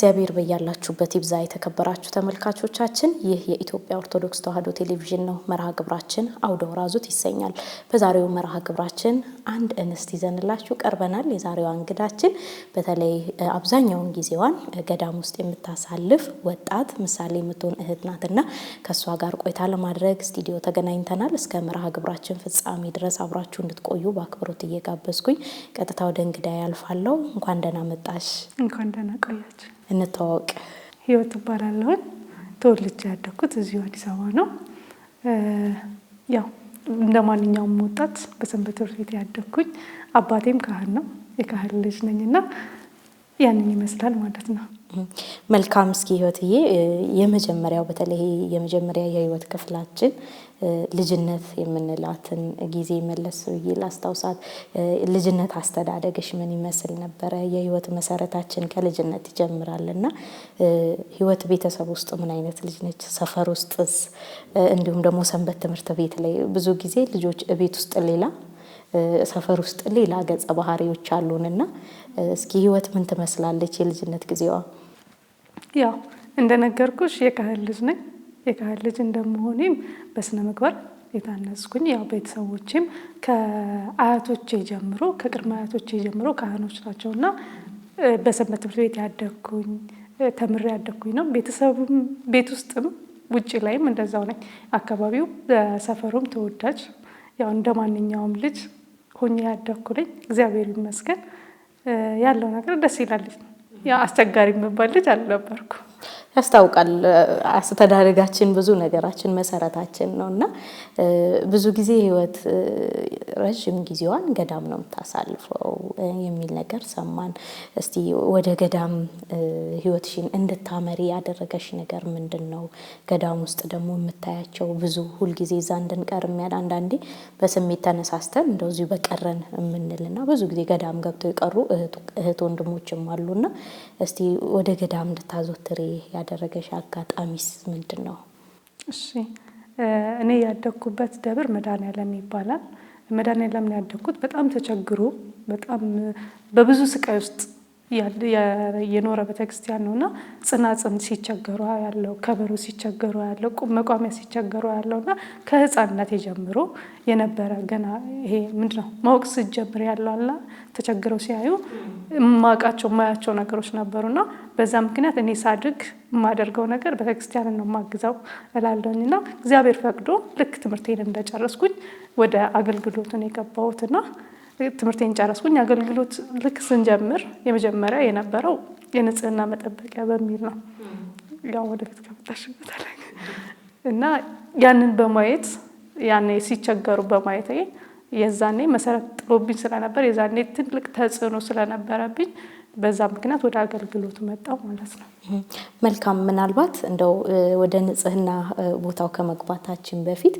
እግዚአብሔር በያላችሁበት ይብዛ። የተከበራችሁ ተመልካቾቻችን ይህ የኢትዮጵያ ኦርቶዶክስ ተዋሕዶ ቴሌቪዥን ነው። መርሃ ግብራችን አውደ ወራዙት ይሰኛል። በዛሬው መርሃ ግብራችን አንድ እንስት ይዘንላችሁ ቀርበናል። የዛሬዋ እንግዳችን በተለይ አብዛኛውን ጊዜዋን ገዳም ውስጥ የምታሳልፍ ወጣት ምሳሌ የምትሆን እህት ናትና ከእሷ ጋር ቆይታ ለማድረግ ስቱዲዮ ተገናኝተናል። እስከ መርሃ ግብራችን ፍጻሜ ድረስ አብራችሁ እንድትቆዩ በአክብሮት እየጋበዝኩኝ ቀጥታ ወደ እንግዳ ያልፋለሁ። እንኳን ደህና መጣሽ። እንኳን ደህና ቆያችሁ። እንተዋወቅ። ህይወት እባላለሁኝ። ተወልጄ ያደግኩት እዚሁ አዲስ አበባ ነው። ያው እንደ ማንኛውም ወጣት በሰንበት ትምህርት ቤት ያደግኩኝ፣ አባቴም ካህን ነው፣ የካህን ልጅ ነኝና ያንን ይመስላል ማለት ነው። መልካም እስኪ ህይወትዬ፣ የመጀመሪያው በተለይ የመጀመሪያ የህይወት ክፍላችን ልጅነት የምንላትን ጊዜ መለስ ብዬ ላስታውሳት። ልጅነት አስተዳደግሽ ምን ይመስል ነበረ? የህይወት መሰረታችን ከልጅነት ይጀምራል እና ህይወት ቤተሰብ ውስጥ ምን አይነት ልጅ ነች? ሰፈር ውስጥስ? እንዲሁም ደግሞ ሰንበት ትምህርት ቤት ላይ ብዙ ጊዜ ልጆች ቤት ውስጥ ሌላ ሰፈር ውስጥ ሌላ ገጸ ባህሪዎች አሉንና እስኪ ህይወት ምን ትመስላለች የልጅነት ጊዜዋ? ያው እንደነገርኩሽ የካህን ልጅ ነኝ። የካህን ልጅ እንደመሆኔም በስነ ምግባር የታነጽኩኝ ያው ቤተሰቦቼም ከአያቶቼ ጀምሮ ከቅድመ አያቶቼ ጀምሮ ካህኖች ናቸው እና በሰንበት ትምህርት ቤት ያደግኩኝ ተምሬ ያደግኩኝ ነው። ቤተሰብም ቤት ውስጥም ውጭ ላይም እንደዛው ነኝ። አካባቢው ሰፈሩም ተወዳጅ ያው እንደ ማንኛውም ልጅ ሁኜ ያደግኩ ነኝ። እግዚአብሔር ይመስገን ያለው ነገር ደስ ይላል። ያ አስቸጋሪ የሚባል ልጅ አልነበርኩም። ያስታውቃል። አስተዳደጋችን ብዙ ነገራችን መሰረታችን ነው እና ብዙ ጊዜ ህይወት ረዥም ጊዜዋን ገዳም ነው የምታሳልፈው የሚል ነገር ሰማን። እስቲ ወደ ገዳም ህይወትሽን እንድታመሪ ያደረገሽ ነገር ምንድን ነው? ገዳም ውስጥ ደግሞ የምታያቸው ብዙ ሁልጊዜ እዛ እንድንቀር የሚያል አንዳንዴ በስሜት ተነሳስተን እንደዚሁ በቀረን እና ብዙ ጊዜ ገዳም ገብተው የቀሩ እህት ወንድሞችም አሉና እስቲ ወደ ገዳም እንድታዞትሪ ያደረገሽ አጋጣሚስ ምንድን ነው? እሺ እኔ ያደግኩበት ደብር መድኃኔዓለም ይባላል። መድኃኔዓለም ነው ያደግኩት። በጣም ተቸግሮ በጣም በብዙ ስቃይ ውስጥ የኖረ ቤተክርስቲያን ነውና ጽናጽን ሲቸገሩ ያለው ከበሮ ሲቸገሩ ያለው መቋሚያ ሲቸገሩ ያለውና ከህፃንነት ጀምሮ የነበረ ገና ይሄ ምንድነው ማወቅ ስጀምር ያለው አላ ተቸግረው ሲያዩ ማቃቸው ማያቸው ነገሮች ነበሩና በዛ ምክንያት እኔ ሳድግ የማደርገው ነገር ቤተክርስቲያንን ነው የማግዘው እላለሁኝ እና እግዚአብሔር ፈቅዶ ልክ ትምህርቴን እንደጨረስኩኝ ወደ አገልግሎትን የገባሁት እና ትምህርቴን ጨረስኩኝ። አገልግሎት ልክ ስንጀምር የመጀመሪያ የነበረው የንጽህና መጠበቂያ በሚል ነው ያው ወደፊት ከመጣሽበታለ እና ያንን በማየት ያኔ ሲቸገሩ በማየት የዛኔ መሰረት ጥሎብኝ ስለነበር የዛኔ ትልቅ ተጽዕኖ ስለነበረብኝ በዛ ምክንያት ወደ አገልግሎቱ መጣው ማለት ነው። መልካም። ምናልባት እንደው ወደ ንጽህና ቦታው ከመግባታችን በፊት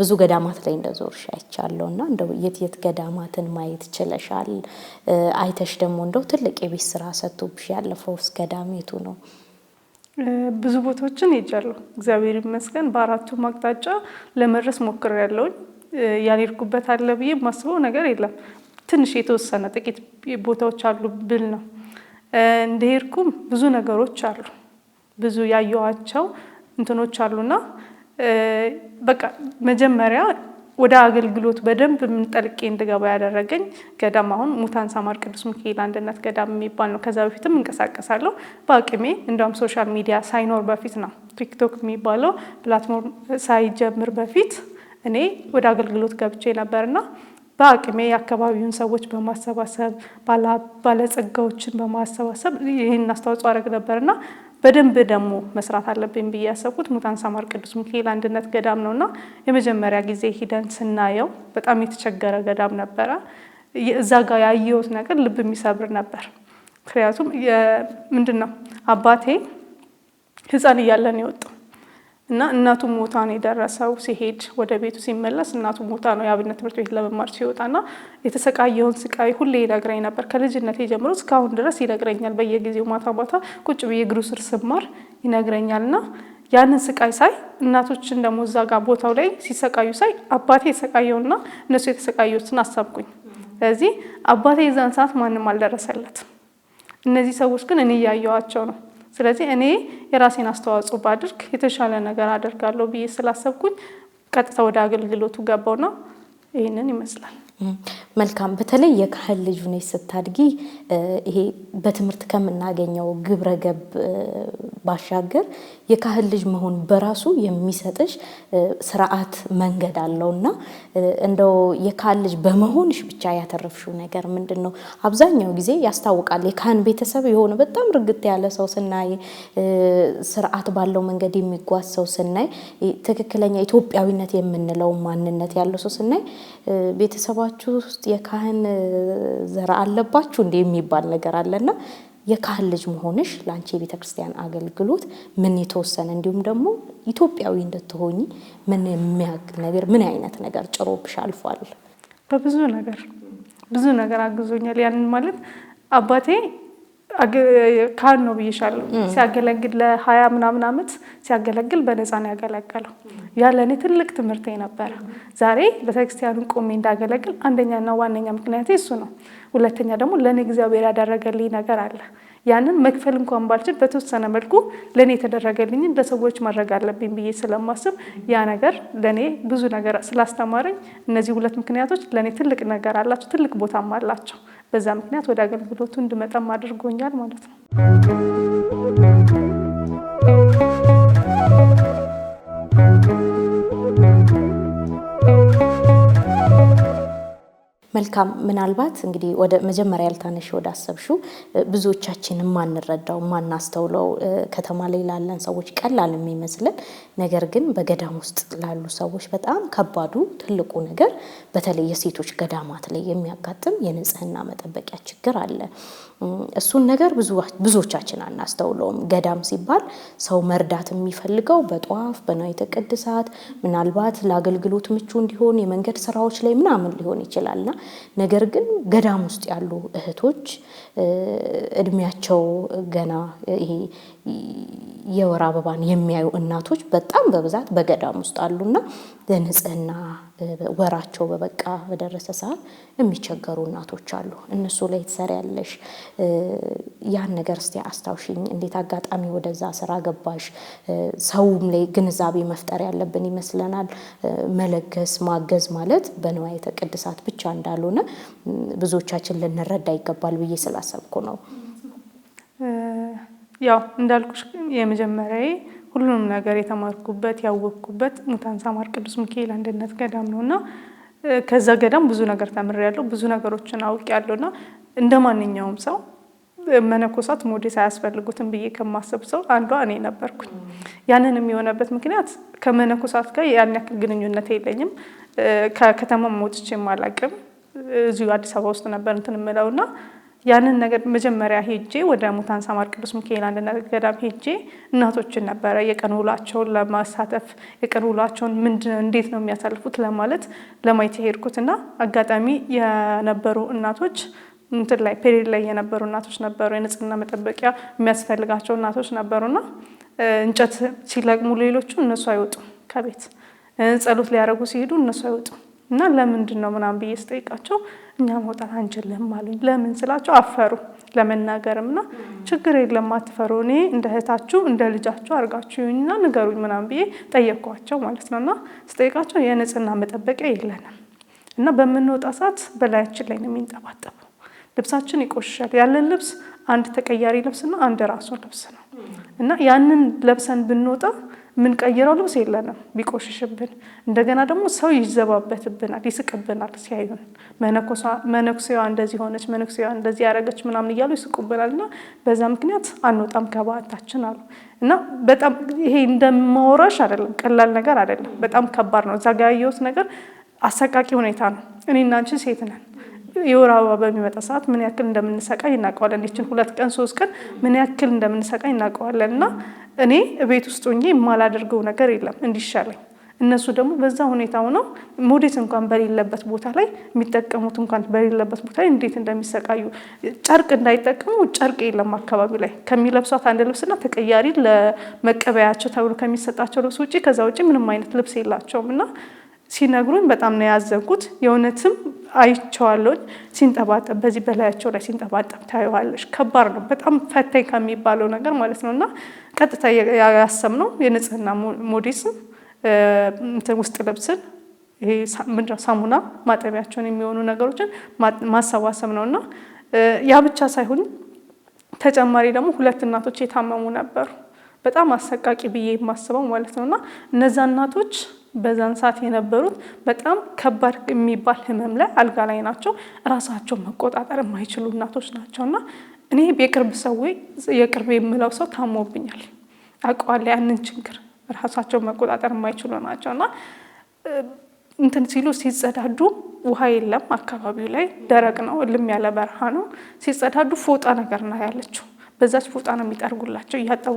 ብዙ ገዳማት ላይ እንደዞርሽ አይቻለሁ እና እንደው የት የት ገዳማትን ማየት ችለሻል? አይተሽ ደግሞ እንደው ትልቅ የቤት ስራ ሰጥቶብሽ ያለፈውስ ገዳም የቱ ነው? ብዙ ቦታዎችን ሄጃለሁ። እግዚአብሔር ይመስገን በአራቱም አቅጣጫ ለመድረስ ሞክሬያለሁኝ። ያልሄድኩበት አለ ብዬ የማስበው ነገር የለም። ትንሽ የተወሰነ ጥቂት ቦታዎች አሉ ብል ነው። እንደሄድኩም ብዙ ነገሮች አሉ፣ ብዙ ያየኋቸው እንትኖች አሉና በቃ መጀመሪያ ወደ አገልግሎት በደንብ የምንጠልቄ እንድገባ ያደረገኝ ገዳም አሁን ሙታን ሳማር ቅዱስ ሚካኤል አንድነት ገዳም የሚባል ነው። ከዛ በፊትም እንቀሳቀሳለሁ በአቅሜ እንዲሁም ሶሻል ሚዲያ ሳይኖር በፊት ነው ቲክቶክ የሚባለው ፕላትፎርም ሳይጀምር በፊት እኔ ወደ አገልግሎት ገብቼ ነበርና በአቅሜ የአካባቢውን ሰዎች በማሰባሰብ ባለጸጋዎችን በማሰባሰብ ይህን አስተዋጽኦ አደረግ እና በደንብ ደግሞ መስራት አለብኝ ብዬ ያሰብኩት ሙታን ሳማር ቅዱስ ሚካኤል አንድነት ገዳም ነው ና የመጀመሪያ ጊዜ ሂደን ስናየው በጣም የተቸገረ ገዳም ነበረ። እዛ ጋር ያየሁት ነገር ልብ የሚሰብር ነበር። ምክንያቱም ምንድን ነው አባቴ ህፃን እያለን የወጣው እና እናቱ ሞታ ነው የደረሰው። ሲሄድ ወደ ቤቱ ሲመለስ እናቱ ሞታ ነው የአብነት ትምህርት ቤት ለመማር ሲወጣ እና የተሰቃየውን ስቃይ ሁሌ ይነግረኝ ነበር። ከልጅነት ጀምሮ እስካሁን ድረስ ይነግረኛል። በየጊዜው ማታ ማታ ቁጭ ብዬ እግሩ ስር ስማር ይነግረኛል እና ያንን ስቃይ ሳይ እናቶችን ደግሞ እዛ ጋር ቦታው ላይ ሲሰቃዩ ሳይ አባቴ የተሰቃየውና እነሱ የተሰቃዩትን አሰብኩኝ። ስለዚህ አባቴ የዛን ሰዓት ማንም አልደረሰለትም። እነዚህ ሰዎች ግን እኔ እያየኋቸው ነው ስለዚህ እኔ የራሴን አስተዋጽኦ ባድርግ የተሻለ ነገር አደርጋለሁ ብዬ ስላሰብኩኝ ቀጥታ ወደ አገልግሎቱ ገባውና ይህንን ይመስላል። መልካም በተለይ የካህን ልጅ ሆነሽ ስታድጊ ይሄ በትምህርት ከምናገኘው ግብረ ገብ ባሻገር የካህን ልጅ መሆን በራሱ የሚሰጥሽ ስርዓት መንገድ አለው እና እንደው የካህን ልጅ በመሆንሽ ብቻ ያተረፍሽው ነገር ምንድን ነው? አብዛኛው ጊዜ ያስታውቃል። የካህን ቤተሰብ የሆነ በጣም ርግት ያለ ሰው ስናይ፣ ስርዓት ባለው መንገድ የሚጓዝ ሰው ስናይ፣ ትክክለኛ ኢትዮጵያዊነት የምንለው ማንነት ያለው ሰው ስናይ ቤተሰባ በቤተሰባችሁ ውስጥ የካህን ዘር አለባችሁ እንዲ የሚባል ነገር አለና የካህን ልጅ መሆንሽ ለአንቺ የቤተ ክርስቲያን አገልግሎት ምን የተወሰነ እንዲሁም ደግሞ ኢትዮጵያዊ እንድትሆኚ ምን የሚያግ ነገር ምን አይነት ነገር ጭሮብሽ አልፏል? በብዙ ነገር ብዙ ነገር አግዞኛል። ያንን ማለት አባቴ ካህን ነው ብዬሻለሁ። ሲያገለግል ለሀያ ምናምን ዓመት ሲያገለግል በነፃ ነው ያገለገለው። ያ ለእኔ ትልቅ ትምህርት ነበረ። ዛሬ ቤተክርስቲያኑን ቆሜ እንዳገለግል አንደኛና ዋነኛ ምክንያት እሱ ነው። ሁለተኛ ደግሞ ለእኔ እግዚአብሔር ያደረገልኝ ነገር አለ። ያንን መክፈል እንኳን ባልችል በተወሰነ መልኩ ለእኔ የተደረገልኝን ለሰዎች ማድረግ አለብኝ ብዬ ስለማስብ ያ ነገር ለእኔ ብዙ ነገር ስላስተማረኝ እነዚህ ሁለት ምክንያቶች ለእኔ ትልቅ ነገር አላቸው፣ ትልቅ ቦታም አላቸው። በዛ ምክንያት ወደ አገልግሎቱ እንድመጣም አድርጎኛል ማለት ነው። መልካም ምናልባት እንግዲህ ወደ መጀመሪያ ያልታነሽ ወደ አሰብሹ ብዙዎቻችን የማንረዳው የማናስተውለው ከተማ ላይ ላለን ሰዎች ቀላል የሚመስልን ነገር ግን በገዳም ውስጥ ላሉ ሰዎች በጣም ከባዱ ትልቁ ነገር በተለይ የሴቶች ገዳማት ላይ የሚያጋጥም የንጽህና መጠበቂያ ችግር አለ። እሱን ነገር ብዙዎቻችን አናስተውለውም። ገዳም ሲባል ሰው መርዳት የሚፈልገው በጧፍ በንዋየ ቅድሳት ምናልባት ለአገልግሎት ምቹ እንዲሆን የመንገድ ስራዎች ላይ ምናምን ሊሆን ይችላልና ነገር ግን ገዳም ውስጥ ያሉ እህቶች እድሜያቸው ገና ይሄ የወር አበባን የሚያዩ እናቶች በጣም በብዛት በገዳም ውስጥ አሉና በንጽህና ወራቸው በበቃ በደረሰ ሰዓት የሚቸገሩ እናቶች አሉ። እነሱ ላይ ትሰሪያለሽ። ያን ነገር እስቲ አስታውሽኝ፣ እንዴት አጋጣሚ ወደዛ ስራ ገባሽ? ሰውም ላይ ግንዛቤ መፍጠር ያለብን ይመስለናል። መለገስ ማገዝ ማለት በንዋየተ ቅድሳት ብቻ እንዳልሆነ ብዙዎቻችን ልንረዳ ይገባል ብዬ ስላሰብኩ ነው። ያው እንዳልኩሽ የመጀመሪያዬ ሁሉንም ነገር የተማርኩበት ያወቅኩበት ሙታን ሳማር ቅዱስ ሚካኤል አንድነት ገዳም ነው እና ከዛ ገዳም ብዙ ነገር ተምሬያለሁ፣ ብዙ ነገሮችን አውቄያለሁ እና እንደ ማንኛውም ሰው መነኮሳት ሞዴስ አያስፈልጉትም ብዬ ከማሰብ ሰው አንዷ እኔ ነበርኩኝ። ያንን የሚሆነበት ምክንያት ከመነኮሳት ጋር ያን ያክል ግንኙነት የለኝም። ከከተማ ወጥቼም አላቅም። እዚሁ አዲስ አበባ ውስጥ ነበር እንትን የምለው እና ያንን ነገር መጀመሪያ ሄጄ ወደ ሙታን ሳማር ቅዱስ ሚካኤል አንድነት ገዳም ሄጄ እናቶችን ነበረ የቀን ውሏቸውን ለማሳተፍ የቀን ውሏቸውን ምንድን እንዴት ነው የሚያሳልፉት ለማለት ለማየት የሄድኩት እና አጋጣሚ የነበሩ እናቶች እንትን ላይ ፔሬድ ላይ የነበሩ እናቶች ነበሩ። የንጽህና መጠበቂያ የሚያስፈልጋቸው እናቶች ነበሩና እንጨት ሲለቅሙ ሌሎቹ እነሱ አይወጡም ከቤት ጸሎት ሊያደርጉ ሲሄዱ እነሱ አይወጡም እና ለምንድን ነው ምናምን ብዬ ስጠይቃቸው እኛ መውጣት አንችልም አሉኝ። ለምን ስላቸው አፈሩ ለመናገርም እና ችግር የለም አትፈሩ፣ እኔ እንደ እህታችሁ እንደ ልጃችሁ አድርጋችሁ ይሁኝና ንገሩኝ ምናምን ብዬ ጠየቅኳቸው ማለት ነው። እና ስጠይቃቸው የንጽህና መጠበቂያ የለንም እና በምንወጣ ሰዓት በላያችን ላይ ነው የሚንጠባጠበው ልብሳችን ይቆሻል። ያለን ልብስ አንድ ተቀያሪ ልብስና አንድ ራሱን ልብስ ነው እና ያንን ለብሰን ብንወጣ የምንቀይረው ልብስ የለንም። ቢቆሽሽብን እንደገና ደግሞ ሰው ይዘባበትብናል፣ ይስቅብናል። ሲያዩን መነኩሴዋ እንደዚህ ሆነች፣ መነኩሴዋ እንደዚህ ያደረገች ምናምን እያሉ ይስቁብናል። እና በዛ ምክንያት አንወጣም ከበዓታችን አሉ። እና በጣም ይሄ እንደማወራሽ አይደለም፣ ቀላል ነገር አይደለም። በጣም ከባድ ነው። እዛ ጋ ያየሁት ነገር አሰቃቂ ሁኔታ ነው። እኔና አንቺ ሴት ነን። የወር አበባ በሚመጣ ሰዓት ምን ያክል እንደምንሰቃይ እናውቀዋለን። ይችን ሁለት ቀን ሶስት ቀን ምን ያክል እንደምንሰቃይ እናውቀዋለን እና እኔ ቤት ውስጥ ሆኜ የማላደርገው ነገር የለም እንዲሻለኝ። እነሱ ደግሞ በዛ ሁኔታ ሆነው ሞዴት እንኳን በሌለበት ቦታ ላይ የሚጠቀሙት እንኳን በሌለበት ቦታ ላይ እንዴት እንደሚሰቃዩ ጨርቅ እንዳይጠቀሙ ጨርቅ የለም አካባቢ ላይ ከሚለብሷት አንድ ልብስና ተቀያሪ ለመቀበያቸው ተብሎ ከሚሰጣቸው ልብስ ውጭ ከዛ ውጭ ምንም አይነት ልብስ የላቸውም እና ሲነግሩኝ በጣም ነው ያዘንኩት። የእውነትም አይቼዋለሁኝ ሲንጠባጠብ፣ በዚህ በላያቸው ላይ ሲንጠባጠብ ታየዋለች። ከባድ ነው በጣም ፈታኝ ከሚባለው ነገር ማለት ነው። እና ቀጥታ ያሰብነው የንጽህና ሞዴስም ውስጥ ልብስን ይሄ ምንድነው ሳሙና ማጠቢያቸውን የሚሆኑ ነገሮችን ማሰባሰብ ነው። እና ያ ብቻ ሳይሆን ተጨማሪ ደግሞ ሁለት እናቶች የታመሙ ነበሩ። በጣም አሰቃቂ ብዬ የማስበው ማለት ነው እና እነዛ እናቶች በዛን ሰዓት የነበሩት በጣም ከባድ የሚባል ህመም ላይ አልጋ ላይ ናቸው። ራሳቸውን መቆጣጠር የማይችሉ እናቶች ናቸው እና እኔ የቅርብ ሰው የቅርብ የምለው ሰው ታሞብኛል አውቀዋለሁ ያንን ችግር ራሳቸው መቆጣጠር የማይችሉ ናቸው እና እንትን ሲሉ ሲጸዳዱ ውሃ የለም አካባቢው ላይ ደረቅ ነው፣ እልም ያለ በረሃ ነው። ሲጸዳዱ ፎጣ ነገር ነው ያለችው በዛች ፎጣ ነው የሚጠርጉላቸው። እያጠቡ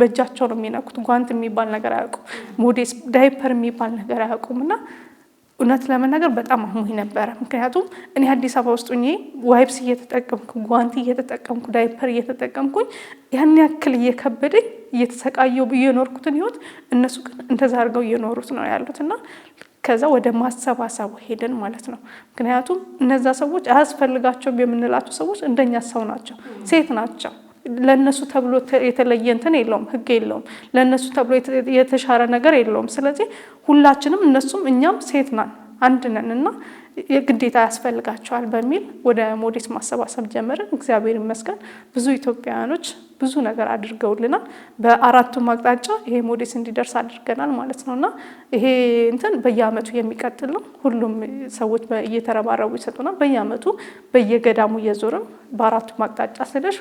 በእጃቸው ነው የሚነኩት። ጓንት የሚባል ነገር አያውቁም። ሞዴስ ዳይፐር የሚባል ነገር አያውቁም። እና እውነት ለመናገር በጣም አሞኝ ነበረ። ምክንያቱም እኔ አዲስ አበባ ውስጥ ሆኜ ዋይፕስ እየተጠቀምኩ ጓንት እየተጠቀምኩ ዳይፐር እየተጠቀምኩኝ ያን ያክል እየከበደኝ እየተሰቃየሁ እየኖርኩትን ህይወት እነሱ ግን እንደዛ አድርገው እየኖሩት ነው ያሉት እና ከዛ ወደ ማሰባሰቡ ሄደን ማለት ነው። ምክንያቱም እነዛ ሰዎች አያስፈልጋቸውም የምንላቸው ሰዎች እንደኛ ሰው ናቸው፣ ሴት ናቸው። ለእነሱ ተብሎ የተለየ እንትን የለውም፣ ህግ የለውም፣ ለእነሱ ተብሎ የተሻረ ነገር የለውም። ስለዚህ ሁላችንም እነሱም እኛም ሴት ናን አንድ ነን እና ግዴታ ያስፈልጋቸዋል በሚል ወደ ሞዴስ ማሰባሰብ ጀመርን። እግዚአብሔር ይመስገን ብዙ ኢትዮጵያውያኖች ብዙ ነገር አድርገውልናል። በአራቱም አቅጣጫ ይሄ ሞዴስ እንዲደርስ አድርገናል ማለት ነው እና ይሄ እንትን በየአመቱ የሚቀጥል ነው። ሁሉም ሰዎች እየተረባረቡ ይሰጡናል። በየአመቱ በየገዳሙ እየዞርም በአራቱ አቅጣጫ ስለሽ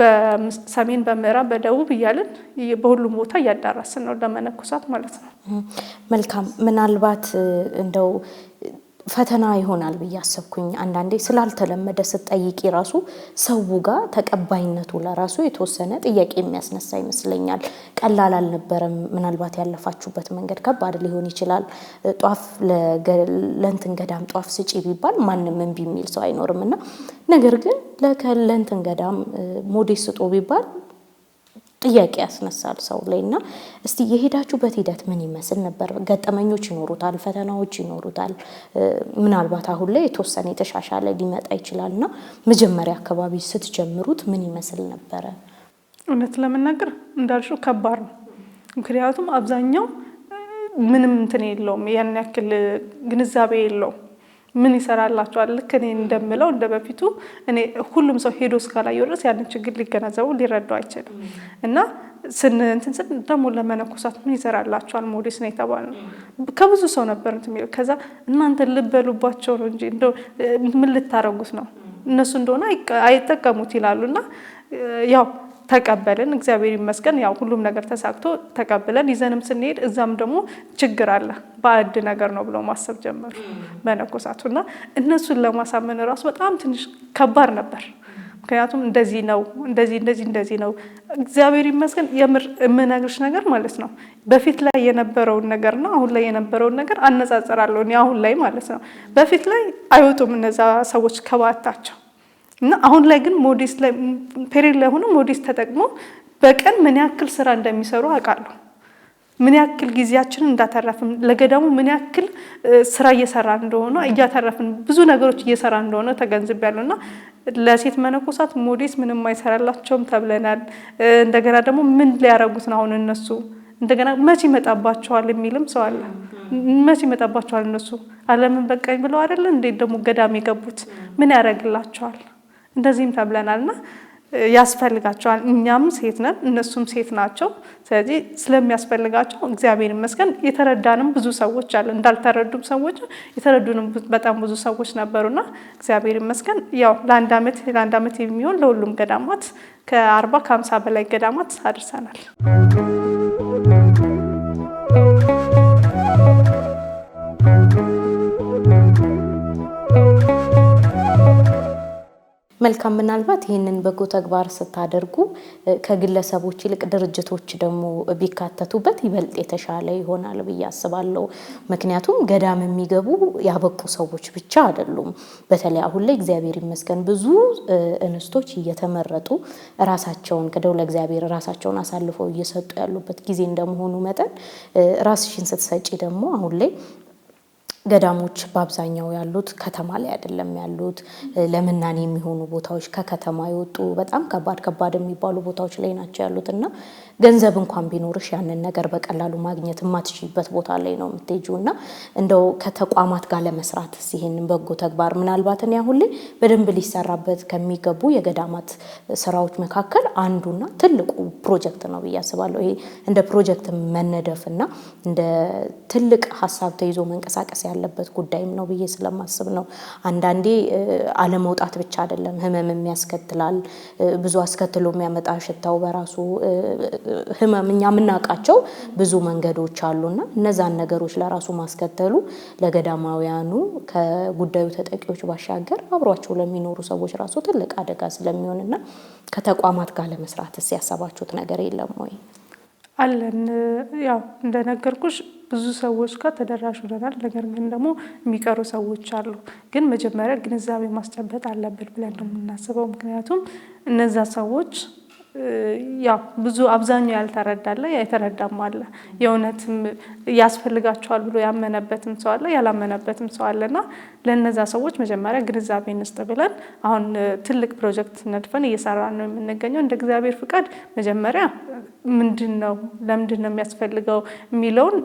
በሰሜን በምዕራብ በደቡብ እያልን በሁሉም ቦታ እያዳረስን ነው ለመነኮሳት ማለት ነው። መልካም ምናልባት እንደው ፈተና ይሆናል ብዬ አሰብኩኝ። አንዳንዴ ስላልተለመደ ስጠይቂ ራሱ ሰው ጋር ተቀባይነቱ ለራሱ የተወሰነ ጥያቄ የሚያስነሳ ይመስለኛል። ቀላል አልነበረም። ምናልባት ያለፋችሁበት መንገድ ከባድ ሊሆን ይችላል። ጧፍ ለእንትን ገዳም ጧፍ ስጪ ቢባል ማንም እምቢ የሚል ሰው አይኖርም እና ነገር ግን ለእንትን ገዳም ሞዴስ ስጦ ቢባል ጥያቄ ያስነሳል ሰው ላይ እና እስቲ የሄዳችሁበት ሂደት ምን ይመስል ነበር? ገጠመኞች ይኖሩታል፣ ፈተናዎች ይኖሩታል። ምናልባት አሁን ላይ የተወሰነ የተሻሻለ ሊመጣ ይችላል እና መጀመሪያ አካባቢ ስትጀምሩት ምን ይመስል ነበረ? እውነት ለመናገር እንዳልሽው ከባድ ነው። ምክንያቱም አብዛኛው ምንም እንትን የለውም ያን ያክል ግንዛቤ የለውም። ምን ይሰራላቸዋል? ልክ እኔ እንደምለው እንደ በፊቱ እኔ ሁሉም ሰው ሄዶ እስካላየው ድረስ ያንን ችግር ሊገነዘቡ ሊረዳው አይችልም እና ስንትን ስል ደግሞ ለመነኮሳት ምን ይሰራላቸዋል? ሞዴስ ነው የተባለው። ከብዙ ሰው ነበር እንትን የሚለው ከዛ እናንተ ልበሉባቸው ነው እንጂ ምን ልታረጉት ነው እነሱ እንደሆነ አይጠቀሙት ይላሉ እና ያው ተቀበልን። እግዚአብሔር ይመስገን ያው ሁሉም ነገር ተሳክቶ ተቀብለን ይዘንም ስንሄድ እዛም ደግሞ ችግር አለ በአድ ነገር ነው ብለው ማሰብ ጀመሩ መነኮሳቱ እና እነሱን ለማሳመን እራሱ በጣም ትንሽ ከባድ ነበር። ምክንያቱም እንደዚህ ነው እንደዚህ እንደዚህ እንደዚህ ነው። እግዚአብሔር ይመስገን የምር የምነግርሽ ነገር ማለት ነው በፊት ላይ የነበረውን ነገርና አሁን ላይ የነበረውን ነገር አነጻጽራለሁ አሁን ላይ ማለት ነው በፊት ላይ አይወጡም እነዛ ሰዎች ከባታቸው። እና አሁን ላይ ግን ሞዲስ ላይ ላይ ሆኖ ሞዴስ ተጠቅሞ በቀን ምን ያክል ስራ እንደሚሰሩ አውቃለሁ። ምን ያክል ጊዜያችንን እንዳተረፍን ለገዳሙ ምን ያክል ስራ እየሰራ እንደሆነ እያተረፍን ብዙ ነገሮች እየሰራ እንደሆነ ተገንዝቤያለሁ። እና ለሴት መነኮሳት ሞዴስ ምንም አይሰራላቸውም ተብለናል። እንደገና ደግሞ ምን ሊያረጉት ነው አሁን እነሱ እንደገና መቼ ይመጣባቸዋል የሚልም ሰው አለ። መቼ ይመጣባቸዋል እነሱ አለምን በቃኝ ብለው አይደለ እንዴት ደግሞ ገዳም የገቡት ምን ያደረግላቸዋል? እንደዚህም ተብለናል እና ያስፈልጋቸዋል። እኛም ሴት ነን፣ እነሱም ሴት ናቸው። ስለዚህ ስለሚያስፈልጋቸው እግዚአብሔር ይመስገን የተረዳንም ብዙ ሰዎች አሉ፣ እንዳልተረዱም ሰዎች የተረዱንም በጣም ብዙ ሰዎች ነበሩና እግዚአብሔር ይመስገን ያው ለአንድ ዓመት ለአንድ ዓመት የሚሆን ለሁሉም ገዳማት ከአርባ ከሀምሳ በላይ ገዳማት አድርሰናል። መልካም ምናልባት ይህንን በጎ ተግባር ስታደርጉ ከግለሰቦች ይልቅ ድርጅቶች ደግሞ ቢካተቱበት ይበልጥ የተሻለ ይሆናል ብዬ አስባለሁ። ምክንያቱም ገዳም የሚገቡ ያበቁ ሰዎች ብቻ አይደሉም። በተለይ አሁን ላይ እግዚአብሔር ይመስገን ብዙ እንስቶች እየተመረጡ ራሳቸውን ክደው ለእግዚአብሔር ራሳቸውን አሳልፈው እየሰጡ ያሉበት ጊዜ እንደመሆኑ መጠን ራስሽን ስትሰጪ ደግሞ አሁን ላይ ገዳሞች በአብዛኛው ያሉት ከተማ ላይ አይደለም ያሉት። ለምናኔ የሚሆኑ ቦታዎች ከከተማ የወጡ በጣም ከባድ ከባድ የሚባሉ ቦታዎች ላይ ናቸው ያሉት እና ገንዘብ እንኳን ቢኖርሽ ያንን ነገር በቀላሉ ማግኘት የማትችልበት ቦታ ላይ ነው የምትሄጂው እና እንደው ከተቋማት ጋር ለመስራት ይህንን በጎ ተግባር ምናልባት እኔ አሁን ላይ በደንብ ሊሰራበት ከሚገቡ የገዳማት ስራዎች መካከል አንዱና ትልቁ ፕሮጀክት ነው ብዬ አስባለሁ። ይሄ እንደ ፕሮጀክት መነደፍና እንደ ትልቅ ሀሳብ ተይዞ መንቀሳቀስ ያለበት ጉዳይም ነው ብዬ ስለማስብ ነው። አንዳንዴ አለመውጣት ብቻ አይደለም ህመምም ያስከትላል። ብዙ አስከትሎ የሚያመጣ ሽታው በራሱ ህመም እኛ የምናውቃቸው ብዙ መንገዶች አሉና እነዛን ነገሮች ለራሱ ማስከተሉ ለገዳማውያኑ ከጉዳዩ ተጠቂዎች ባሻገር አብሯቸው ለሚኖሩ ሰዎች ራሱ ትልቅ አደጋ ስለሚሆንና ከተቋማት ጋር ለመስራትስ ያሰባችሁት ነገር የለም ወይ? አለን። ያው እንደነገርኩሽ ብዙ ሰዎች ጋር ተደራሽ ሆነናል። ነገር ግን ደግሞ የሚቀሩ ሰዎች አሉ። ግን መጀመሪያ ግንዛቤ ማስጨበጥ አለብን ብለን ነው የምናስበው። ምክንያቱም እነዛ ሰዎች ያው ብዙ አብዛኛው ያልተረዳለ የተረዳም አለ። የእውነትም ያስፈልጋቸዋል ብሎ ያመነበትም ሰው አለ፣ ያላመነበትም ሰው አለ። እና ለእነዛ ሰዎች መጀመሪያ ግንዛቤ እንስጥ ብለን አሁን ትልቅ ፕሮጀክት ነድፈን እየሰራ ነው የምንገኘው። እንደ እግዚአብሔር ፍቃድ መጀመሪያ ምንድን ነው ለምንድን ነው የሚያስፈልገው የሚለውን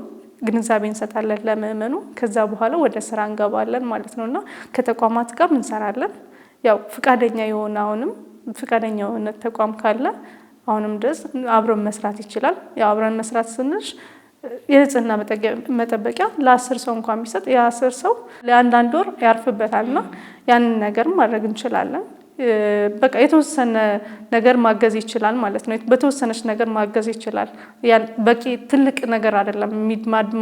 ግንዛቤ እንሰጣለን ለምእመኑ። ከዛ በኋላ ወደ ስራ እንገባለን ማለት ነው እና ከተቋማት ጋር እንሰራለን ያው ፍቃደኛ የሆነ አሁንም ፍቃደኛነት ተቋም ካለ አሁንም ድረስ አብረን መስራት ይችላል። ያው አብረን መስራት ስንሽ የንጽህና መጠበቂያ ለአስር ሰው እንኳን ቢሰጥ የአስር ሰው ለአንዳንድ ወር ያርፍበታልና ያንን ነገር ማድረግ እንችላለን። በቃ የተወሰነ ነገር ማገዝ ይችላል ማለት ነው። በተወሰነች ነገር ማገዝ ይችላል። በቂ ትልቅ ነገር አይደለም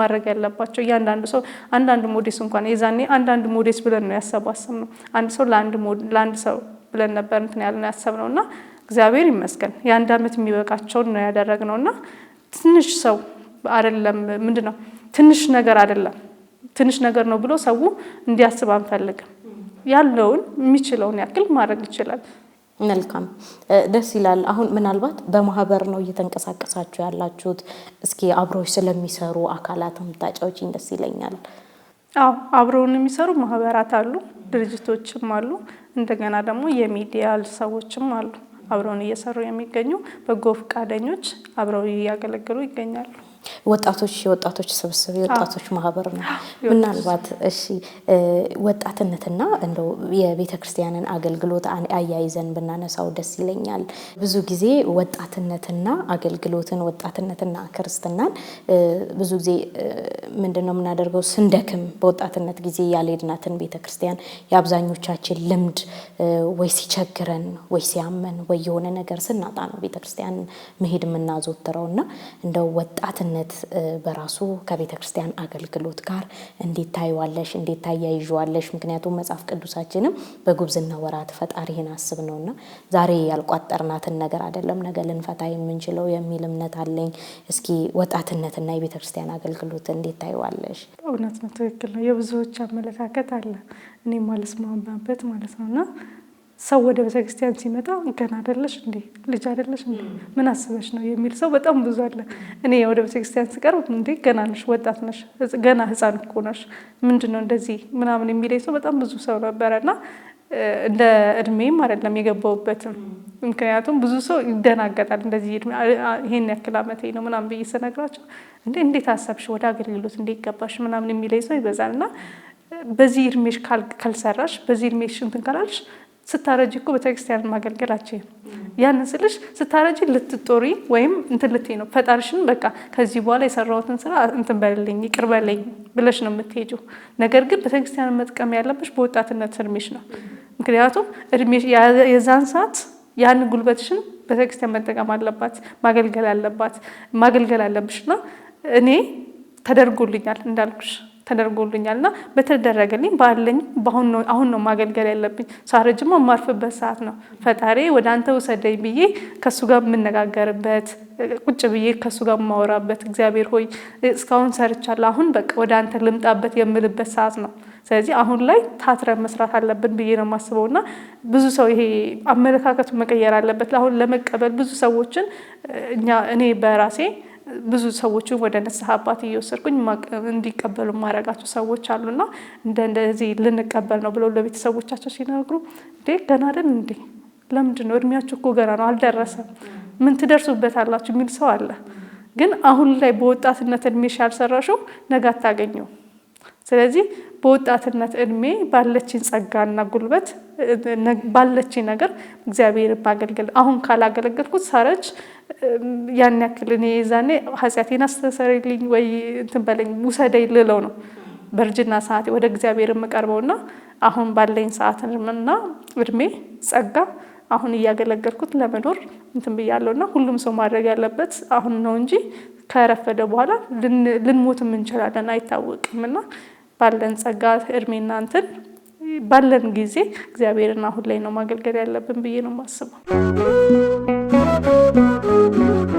ማድረግ ያለባቸው እያንዳንዱ ሰው አንዳንድ ሞዴስ እንኳን የዛኔ አንዳንድ ሞዴስ ብለን ነው ያሰባሰብ ነው አንድ ሰው ለአንድ ሰው ብለን ነበር እንትን ያለን ያሰብነው እና እግዚአብሔር ይመስገን የአንድ ዓመት የሚበቃቸውን ነው ያደረግነው እና ትንሽ ሰው አይደለም ምንድን ነው ትንሽ ነገር አይደለም ትንሽ ነገር ነው ብሎ ሰው እንዲያስብ አንፈልግም። ያለውን የሚችለውን ያክል ማድረግ ይችላል። መልካም ደስ ይላል። አሁን ምናልባት በማህበር ነው እየተንቀሳቀሳችሁ ያላችሁት። እስኪ አብሮች ስለሚሰሩ አካላትም ታጫውጪኝ ደስ ይለኛል። አዎ አብረውን የሚሰሩ ማህበራት አሉ፣ ድርጅቶችም አሉ። እንደገና ደግሞ የሚዲያል ሰዎችም አሉ አብረውን እየሰሩ የሚገኙ በጎ ፈቃደኞች አብረው እያገለገሉ ይገኛሉ። ወጣቶች የወጣቶች ስብስብ የወጣቶች ማህበር ነው። ምናልባት እሺ ወጣትነትና እንደው የቤተ ክርስቲያንን አገልግሎት አያይዘን ብናነሳው ደስ ይለኛል። ብዙ ጊዜ ወጣትነትና አገልግሎትን ወጣትነትና ክርስትናን ብዙ ጊዜ ምንድን ነው የምናደርገው ስንደክም በወጣትነት ጊዜ ያልሄድናትን ቤተ ክርስቲያን የአብዛኞቻችን ልምድ ወይ ሲቸግረን ወይ ሲያመን ወይ የሆነ ነገር ስናጣ ነው ቤተ ክርስቲያን መሄድ የምናዘወትረው እና እንደው ወጣትነት ነፃነት በራሱ ከቤተ ክርስቲያን አገልግሎት ጋር እንዴት ታይዋለሽ? እንዴት ታያይዋለሽ? ምክንያቱም መጽሐፍ ቅዱሳችንም በጉብዝና ወራት ፈጣሪህን አስብ ነውና ዛሬ ያልቋጠርናትን ነገር አይደለም ነገ ልንፈታ የምንችለው የሚል እምነት አለኝ። እስኪ ወጣትነትና የቤተ ክርስቲያን አገልግሎት እንዴት ታይዋለሽ? እውነት ነው፣ ትክክል ነው። የብዙዎች አመለካከት አለ እኔ ማለት ማለት ነው እና ሰው ወደ ቤተክርስቲያን ሲመጣ ገና አደለሽ እንዴ ልጅ አደለሽ እንዴ ምን አስበሽ ነው የሚል ሰው በጣም ብዙ አለ። እኔ ወደ ቤተክርስቲያን ስቀርብ እንዴ ገና ነሽ፣ ወጣት ነሽ፣ ገና ህፃን እኮ ነሽ፣ ምንድን ነው እንደዚህ ምናምን የሚለኝ ሰው በጣም ብዙ ሰው ነበረ እና እንደ እድሜም አይደለም የገባውበትም። ምክንያቱም ብዙ ሰው ይደናገጣል። እንደዚህ ይሄን ያክል አመቴ ነው ምናምን ብዬ ስነግራቸው እንዴት አሰብሽ ወደ አገልግሎት እንዴ ይገባሽ ምናምን የሚለኝ ሰው ይበዛል እና በዚህ እድሜሽ ካልሰራሽ በዚህ እድሜሽ እንትን ካላልሽ ስታረጅ እኮ ቤተክርስቲያን ማገልገል አችልም። ያንን ስልሽ ስታረጅ ልትጦሪ ወይም እንትን ልትይ ነው። ፈጣርሽን በቃ ከዚህ በኋላ የሰራሁትን ስራ እንትን በልልኝ ይቅር በልኝ ብለሽ ነው የምትሄጂው። ነገር ግን ቤተክርስቲያን መጥቀም ያለብሽ በወጣትነት እድሜሽ ነው። ምክንያቱም እድሜ የዛን ሰዓት ያን ጉልበትሽን ቤተክርስቲያን መጠቀም አለባት፣ ማገልገል አለባት፣ ማገልገል አለብሽ እና እኔ ተደርጎልኛል እንዳልኩሽ ተደርጎልኛል እና በተደረገልኝ ባለኝ አሁን ነው ማገልገል ያለብኝ። ሳረጅማ የማርፍበት ሰዓት ነው። ፈጣሪ ወደ አንተ ውሰደኝ ብዬ ከእሱ ጋር የምነጋገርበት ቁጭ ብዬ ከእሱ ጋር የማወራበት እግዚአብሔር ሆይ እስካሁን ሰርቻለሁ፣ አሁን በቃ ወደ አንተ ልምጣበት የምልበት ሰዓት ነው። ስለዚህ አሁን ላይ ታትረን መስራት አለብን ብዬ ነው የማስበው እና ብዙ ሰው ይሄ አመለካከቱ መቀየር አለበት። አሁን ለመቀበል ብዙ ሰዎችን እኔ በራሴ ብዙ ሰዎችን ወደ ንስሐ አባት እየወሰድኩኝ እንዲቀበሉ ማድረጋቸው ሰዎች አሉና እንደ እንደዚህ ልንቀበል ነው ብለው ለቤተሰቦቻቸው ሲነግሩ እንዴ ገና ደን እንዴ ለምንድን ነው እድሜያችሁ እኮ ገና ነው አልደረሰም ምን ትደርሱበት አላችሁ የሚል ሰው አለ ግን አሁን ላይ በወጣትነት እድሜሽ ያልሰራሽው ነገ አታገኘው ስለዚህ በወጣትነት እድሜ ባለችን ጸጋና ጉልበት ባለችኝ ነገር እግዚአብሔር ባገልግል አሁን ካላገለገልኩት ሳረች ያን ያክል እኔ የዛኔ ኃጢአቴን አስተሰርልኝ ወይ እንትን በለኝ ውሰደኝ ልለው ነው በእርጅና ሰዓት ወደ እግዚአብሔር የምቀርበው የምቀርበውና አሁን ባለኝ ሰዓት ሰዓትና እድሜ ጸጋ አሁን እያገለገልኩት ለመኖር እንትን ብያለው እና ሁሉም ሰው ማድረግ ያለበት አሁን ነው እንጂ ከረፈደ በኋላ ልንሞትም እንችላለን፣ አይታወቅም እና ባለን ጸጋ እድሜና እንትን ባለን ጊዜ እግዚአብሔርን አሁን ላይ ነው ማገልገል ያለብን ብዬ ነው የማስበው።